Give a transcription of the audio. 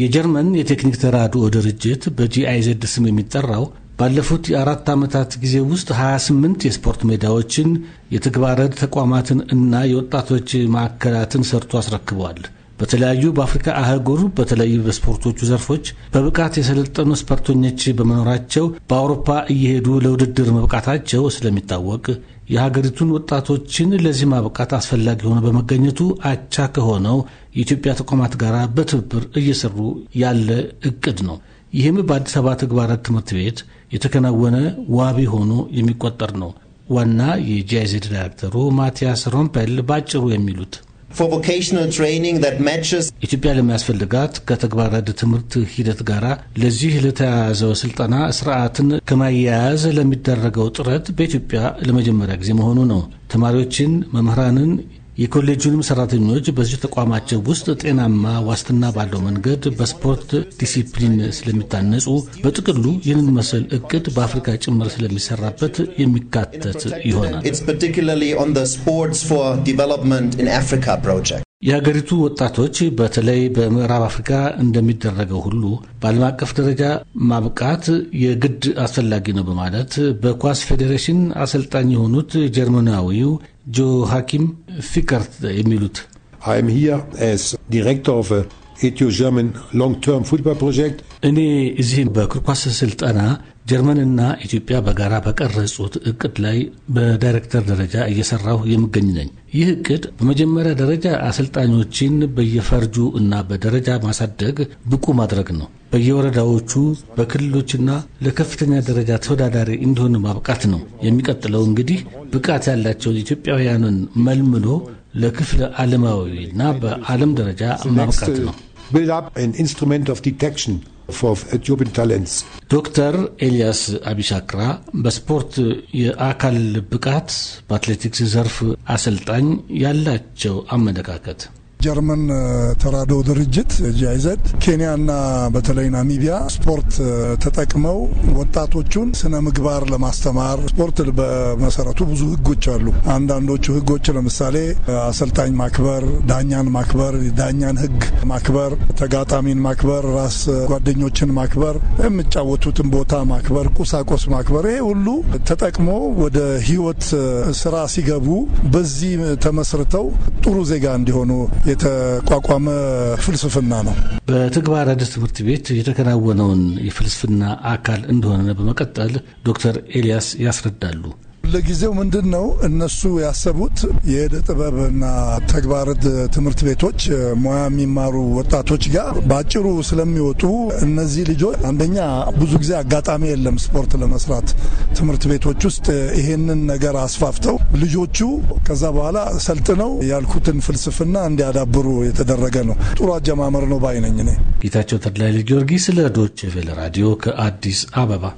የጀርመን የቴክኒክ ተራድኦ ድርጅት በጂአይዘድ ስም የሚጠራው ባለፉት የአራት ዓመታት ጊዜ ውስጥ 28 የስፖርት ሜዳዎችን የተግባረ ዕድ ተቋማትን እና የወጣቶች ማዕከላትን ሰርቶ አስረክበዋል። በተለያዩ በአፍሪካ አህጉር በተለይ በስፖርቶቹ ዘርፎች በብቃት የሰለጠኑ ስፖርተኞች በመኖራቸው በአውሮፓ እየሄዱ ለውድድር መብቃታቸው ስለሚታወቅ የሀገሪቱን ወጣቶችን ለዚህ ማብቃት አስፈላጊ ሆኖ በመገኘቱ አቻ ከሆነው የኢትዮጵያ ተቋማት ጋር በትብብር እየሰሩ ያለ እቅድ ነው። ይህም በአዲስ አበባ ተግባራት ትምህርት ቤት የተከናወነ ዋቢ ሆኖ የሚቆጠር ነው። ዋና የጂአይዜድ ዳይሬክተሩ ማቲያስ ሮምፐል ባጭሩ የሚሉት ኢትዮጵያ ለሚያስፈልጋት ከተግባራዊ ትምህርት ሂደት ጋር ለዚህ ለተያያዘው ስልጠና ስርዓትን ከማያያዝ ለሚደረገው ጥረት በኢትዮጵያ ለመጀመሪያ ጊዜ መሆኑ ነው። ተማሪዎችን፣ መምህራንን የኮሌጁንም ሰራተኞች በዚህ ተቋማቸው ውስጥ ጤናማ ዋስትና ባለው መንገድ በስፖርት ዲሲፕሊን ስለሚታነጹ በጥቅሉ ይህንን መሰል እቅድ በአፍሪካ ጭምር ስለሚሰራበት የሚካተት ይሆናል። የሀገሪቱ ወጣቶች በተለይ በምዕራብ አፍሪካ እንደሚደረገው ሁሉ በዓለም አቀፍ ደረጃ ማብቃት የግድ አስፈላጊ ነው በማለት በኳስ ፌዴሬሽን አሰልጣኝ የሆኑት ጀርመናዊው जो हाकिम फिक्र एमिलुत I am here as director of a ኢትዮ ጀርመን ሎንግ ተርም ፉትባል ፕሮጀክት እኔ እዚህም በእግር ኳስ ስልጠና ጀርመንና ኢትዮጵያ በጋራ በቀረጹት እቅድ ላይ በዳይሬክተር ደረጃ እየሰራሁ የምገኝ ነኝ። ይህ እቅድ በመጀመሪያ ደረጃ አሰልጣኞችን በየፈርጁ እና በደረጃ ማሳደግ ብቁ ማድረግ ነው። በየወረዳዎቹ በክልሎችና ለከፍተኛ ደረጃ ተወዳዳሪ እንዲሆን ማብቃት ነው። የሚቀጥለው እንግዲህ ብቃት ያላቸውን ኢትዮጵያውያንን መልምሎ ለክፍለ ዓለማዊና በዓለም ደረጃ ማብቃት ነው። build up an instrument of detection of Ethiopian talents። ዶክተር ኤልያስ አቢሻክራ በስፖርት የአካል ብቃት በአትሌቲክስ ዘርፍ አሰልጣኝ ያላቸው አመለካከት ጀርመን ተራዶ ድርጅት ጂአይዘድ ኬንያና በተለይ ናሚቢያ ስፖርት ተጠቅመው ወጣቶቹን ስነ ምግባር ለማስተማር ስፖርት በመሰረቱ ብዙ ህጎች አሉ። አንዳንዶቹ ህጎች ለምሳሌ አሰልጣኝ ማክበር፣ ዳኛን ማክበር፣ ዳኛን ህግ ማክበር፣ ተጋጣሚን ማክበር፣ ራስ ጓደኞችን ማክበር፣ የሚጫወቱትን ቦታ ማክበር፣ ቁሳቁስ ማክበር፣ ይሄ ሁሉ ተጠቅሞ ወደ ህይወት ስራ ሲገቡ በዚህ ተመስርተው ጥሩ ዜጋ እንዲሆኑ የተቋቋመ ፍልስፍና ነው። በተግባር አዲስ ትምህርት ቤት የተከናወነውን የፍልስፍና አካል እንደሆነ በመቀጠል ዶክተር ኤልያስ ያስረዳሉ። ለጊዜው ምንድን ነው እነሱ ያሰቡት የእደ ጥበብና ተግባርት ትምህርት ቤቶች ሙያ የሚማሩ ወጣቶች ጋር በአጭሩ ስለሚወጡ እነዚህ ልጆች አንደኛ ብዙ ጊዜ አጋጣሚ የለም ስፖርት ለመስራት ትምህርት ቤቶች ውስጥ ይሄንን ነገር አስፋፍተው ልጆቹ ከዛ በኋላ ሰልጥነው ያልኩትን ፍልስፍና እንዲያዳብሩ የተደረገ ነው። ጥሩ አጀማመር ነው ባይነኝ። ጌታቸው ተድላ ጊዮርጊስ ለዶይቼ ቬለ ራዲዮ ከአዲስ አበባ